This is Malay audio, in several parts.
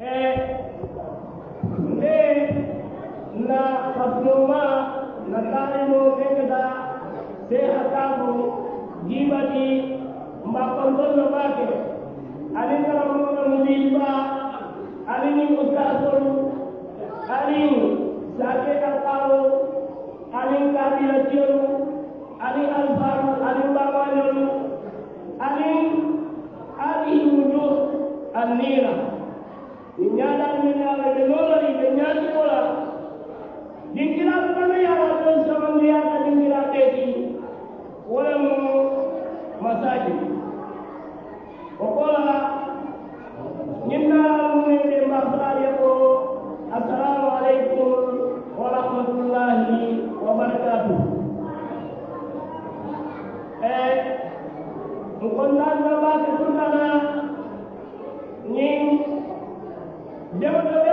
Yeah. ఇంజాలా ఇంజాలా దేవుడి ఇంజాలా కొలా దీనిలా పనియారా తో సంబంధియా దీనిలా తేది ఓలము మసాజి ఒకోలా నిన్నాలు నిన్న మసాలియో అస్సలాము అలైకుం వ రహ్మతుల్లాహి వ బర్కతుహ్ ఏ ముకొందా నబా కుతుదనా Nevertheless,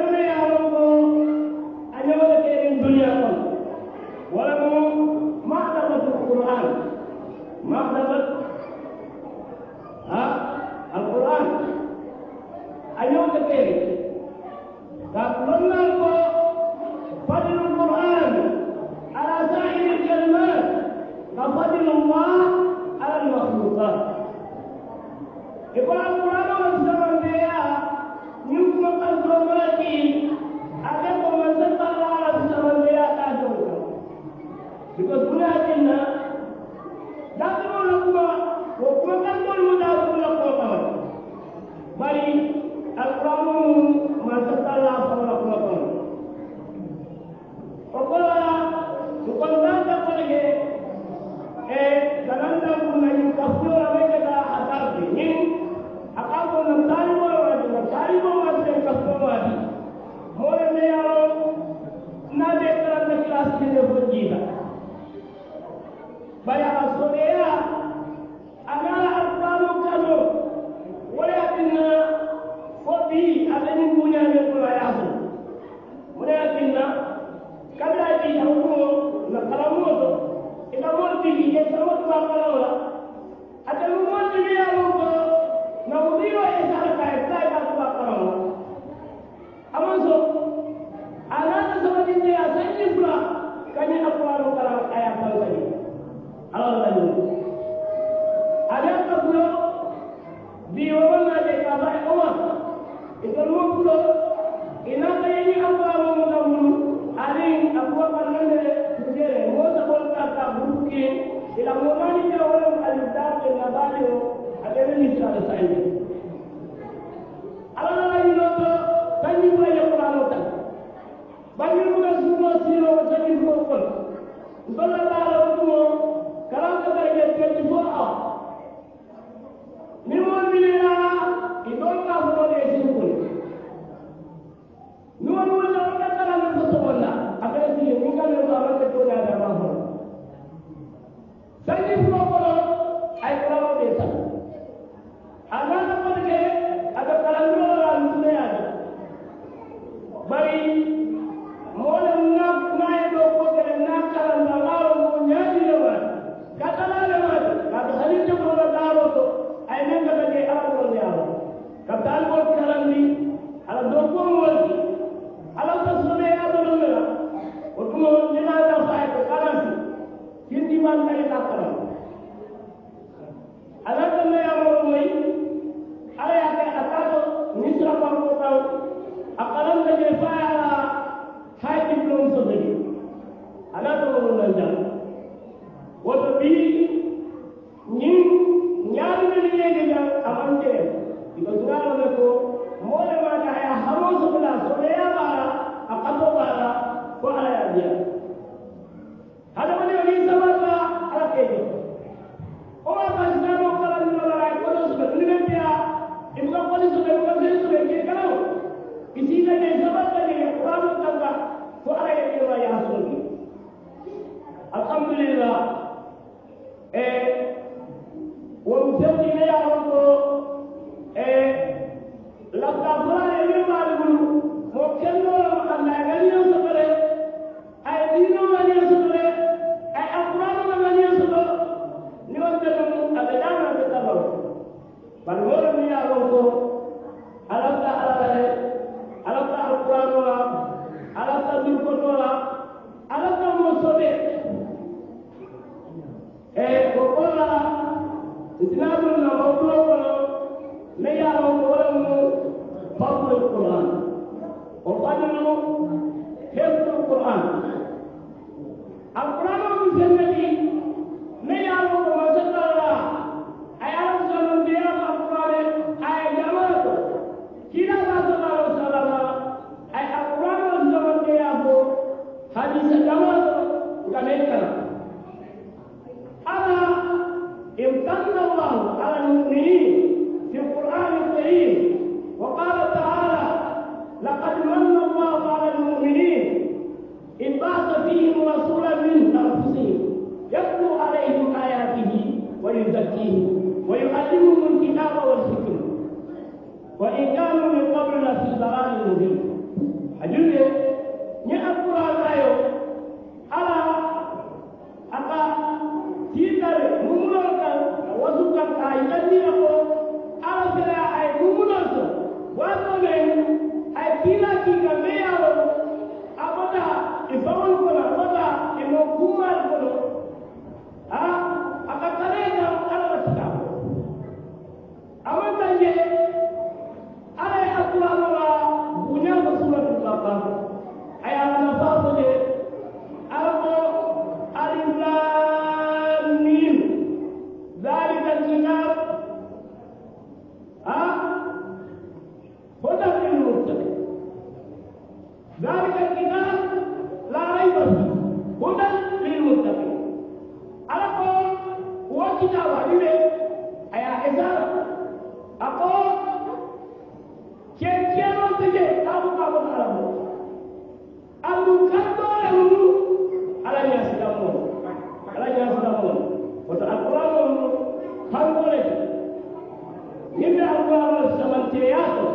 అనుభవాలు సమర్చేయాలి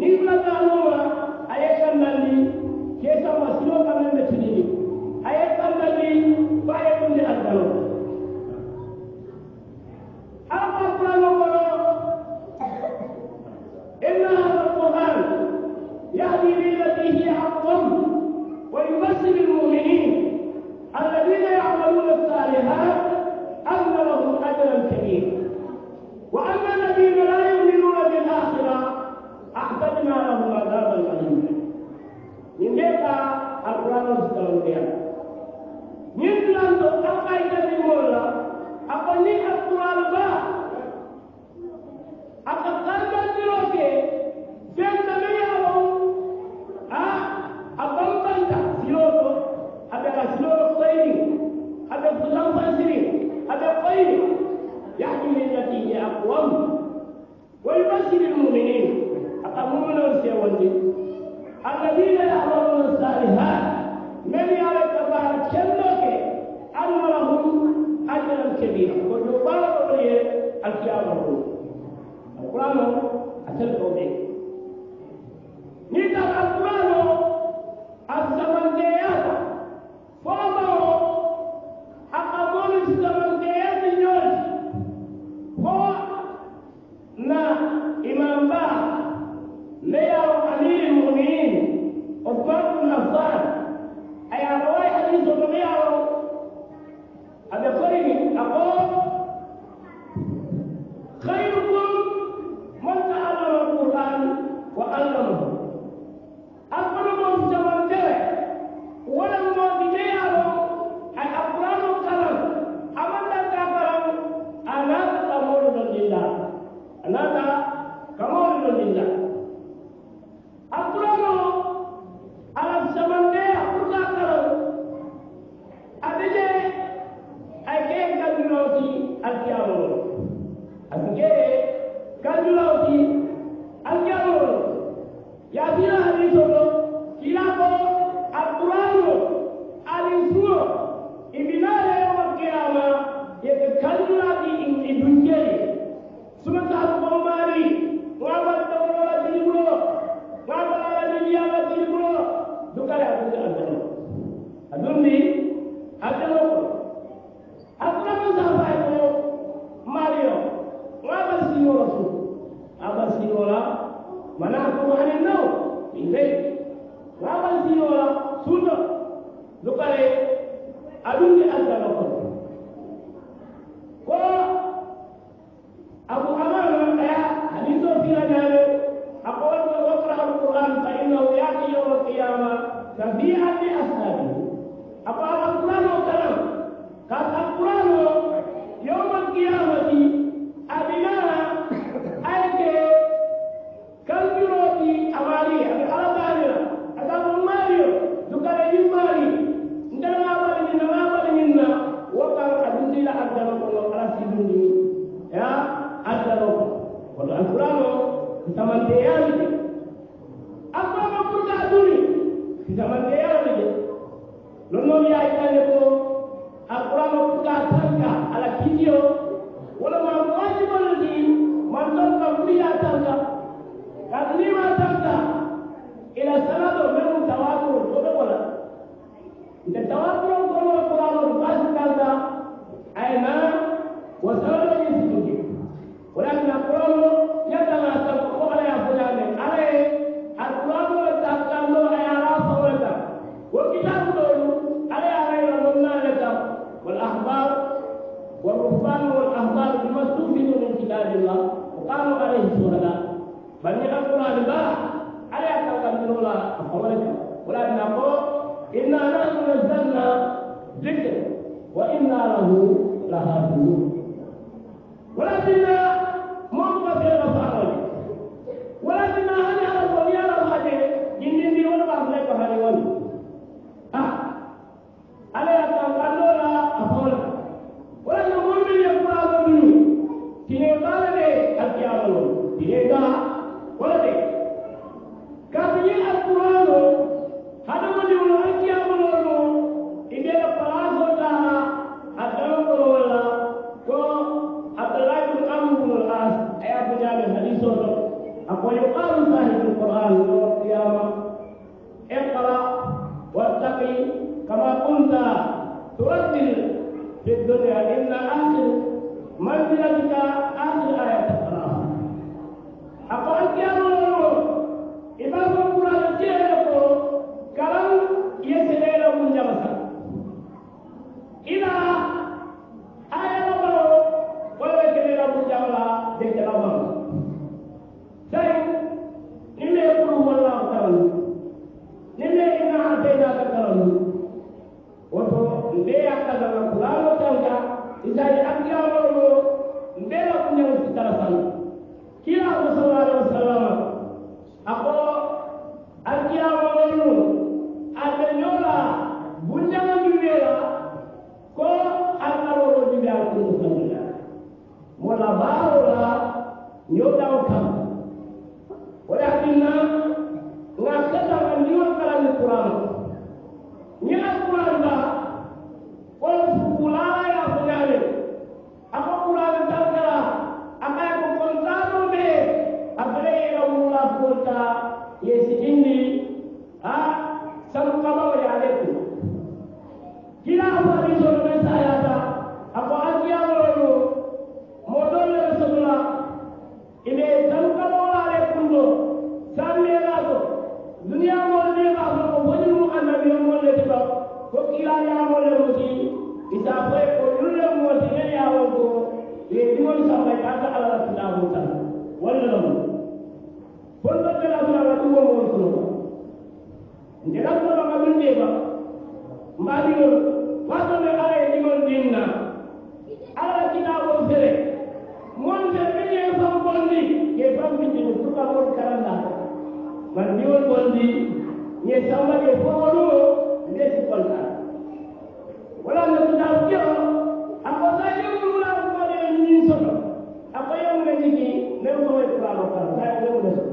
నీకు అనుభవ అయ్యే తండ్రి చేసా మసిలో తల్లి మెచ్చింది అయ్యే తండ్రి బాయ ముందే అర్థం وندي الذين يعملون الصالحات من يرى تبارك شلوك أن لهم أجرا كبيرا كل فرق هي الكامل القرآن أتلقوا به نيتا القرآن Em No yaa a ko alquran o la tanka ala kidio walama wajibolndi man tanka mbiya tanka kadi nima tanka ila salato no wala ali la o kaalo alayhi sunata bari ñe kam kuno ali la ala ya taw kam inna nahnu nazzalna wa inna lahu lahafizun wala dina sama kama wa yaleku kila apa ni sono mesa yata apa တာဆိုင်လို့လည်း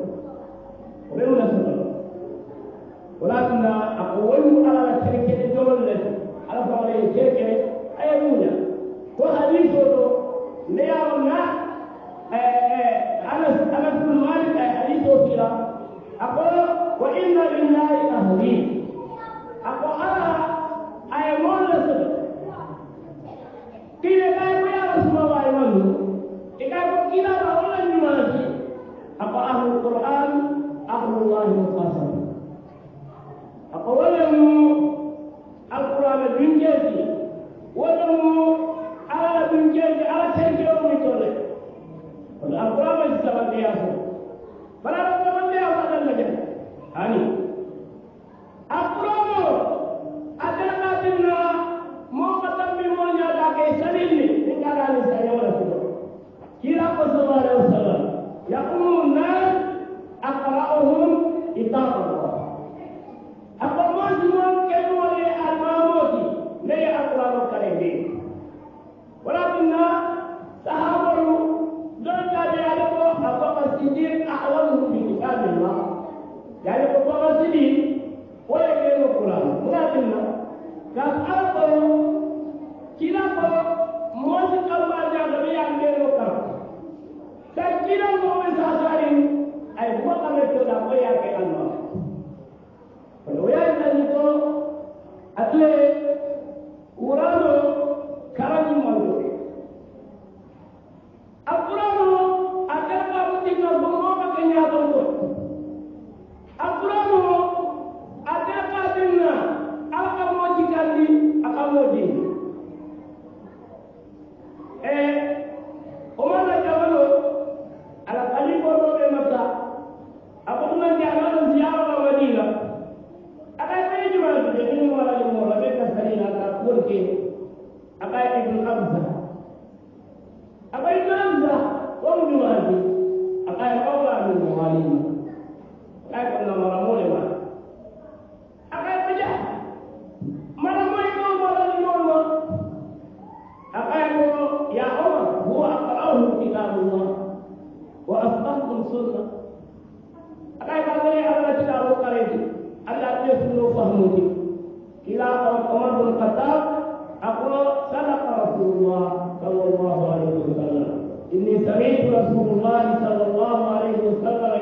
إني سمعت رسول الله صلى الله عليه وسلم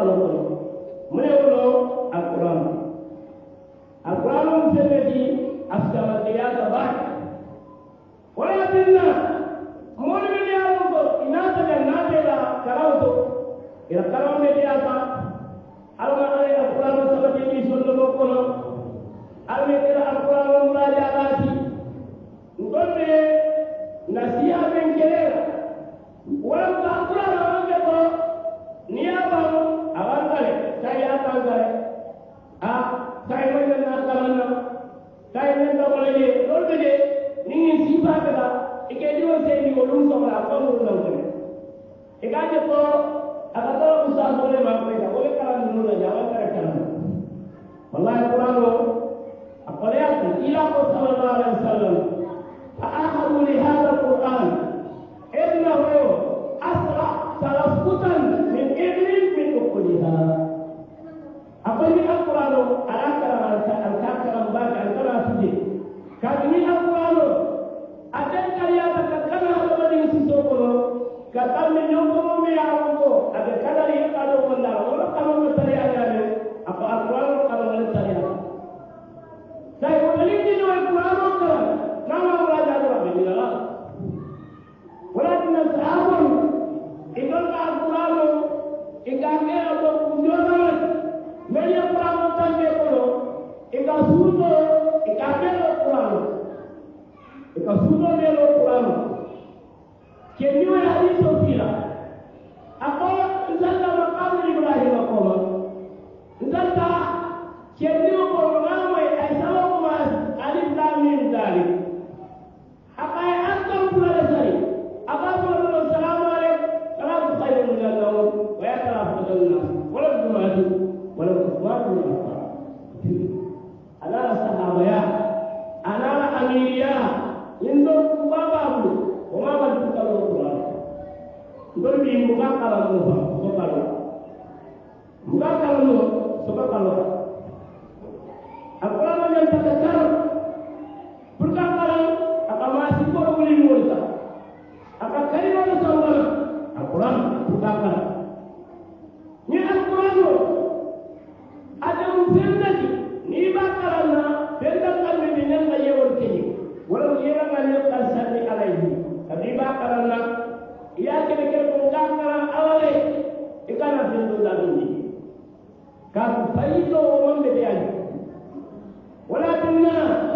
আলোচনা பல்லாயிரம் கூடாது அப்படியே ஈலாக்கோ சல்லா அலி சொல்லும் kira-kira berjalan dalam awal ini. Ikan hasil itu tak bunyi. Kasih itu umum dia. Walau tidak,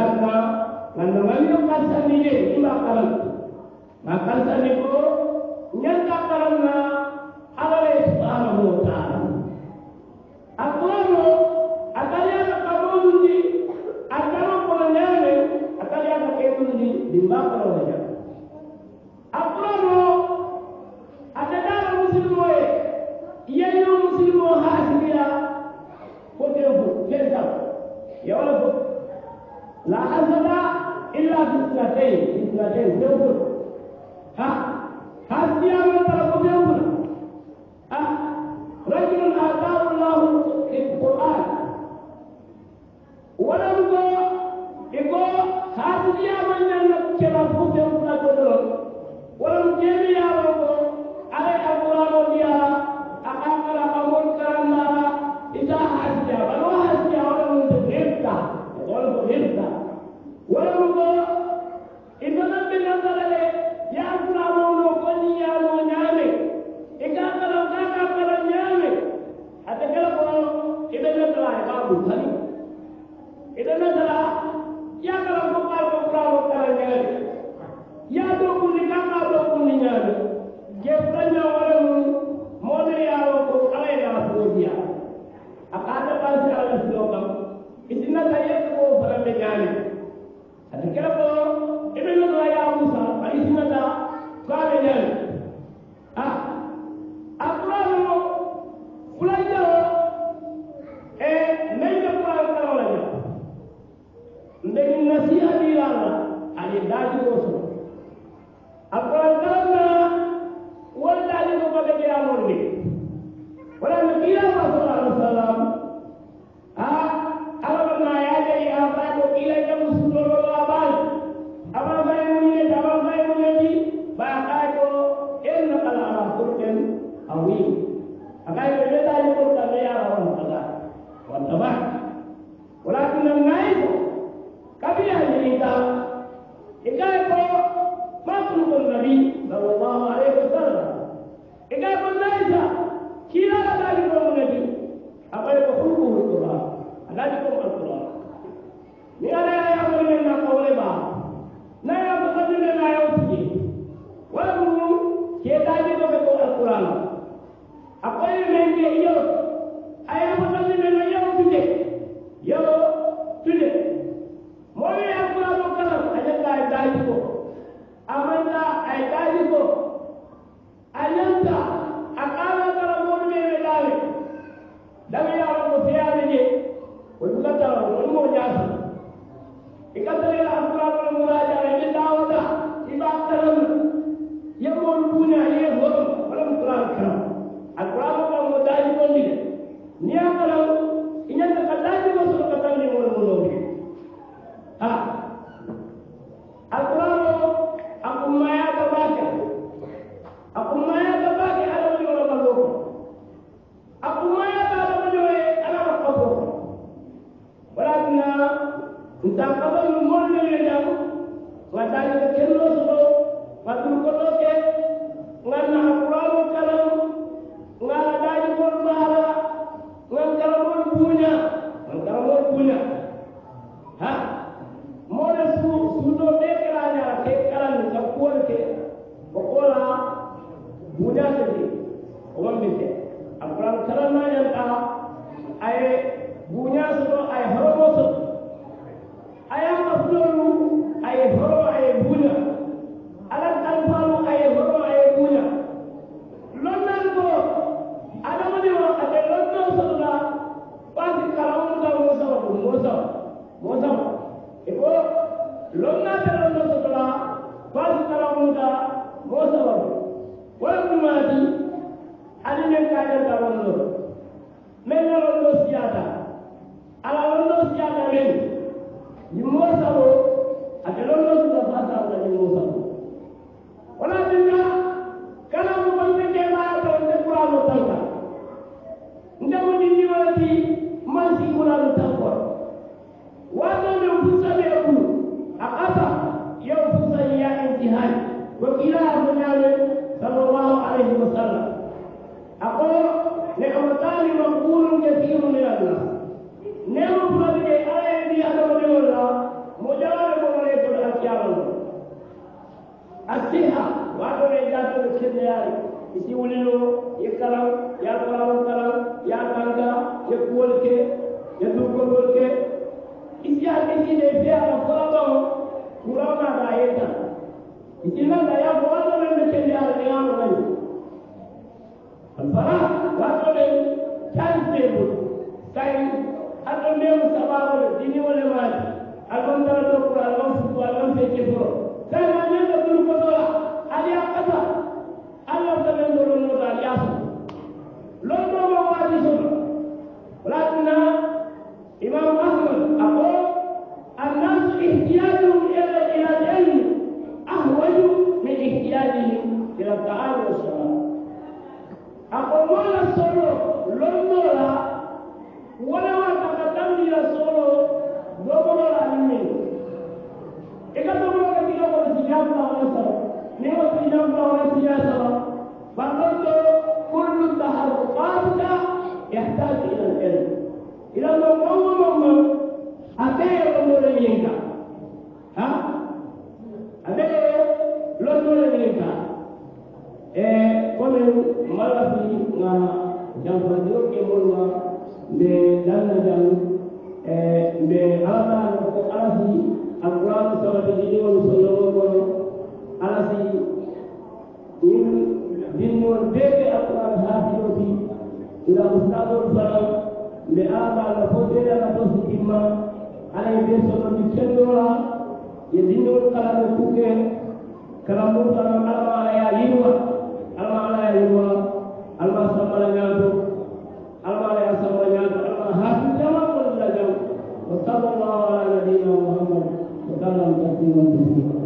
Belanda dan mengalir kasar ni je itulah kalau nak kasar ni tu nyata kerana Allah Subhanahu Wa Taala aku lalu akan yang nak kamu tu ni akan aku lalu akan yang nak kamu tu ni dibakar oleh that day tay ak neew sa baaw la di ñu wone waaj ak ban dara do ko ak ban fuu ak ban fekke fo tay na ñu ko ñu ko dola al ya qata al ya qata ñu do lo dal yaa lo do mo waaji so la na imam oleh sahabat Nyawa dijangka oleh si jasa Bahkan itu Kullu tahar Kata Yahtaji ilan ilmu Ilan mengumum-umum Apa yang kamu boleh inginkan Ha? Apa yang Lo boleh inginkan Eh Kami Malah si Nga Yang berdua Kemulwa Di Dana jang Eh Di Alatan Alasi Al-Quran Sama Tidak Sama Tidak الذي من دين ودين أطلال هذه الوثي إلى أستاذ الظلام لآبا لفوتين على دوس الإمام على يدين سنة مكتن دولا يدين ودين على نفوكين كلام مرسل على ما لا يعيوا على ما لا يعيوا على ما سمى لنياتو على ما لا يسمى لنياتو على ما هاتف جمال ولا جمال وصلى الله على نبينا محمد وكان لهم تحديم وتسليم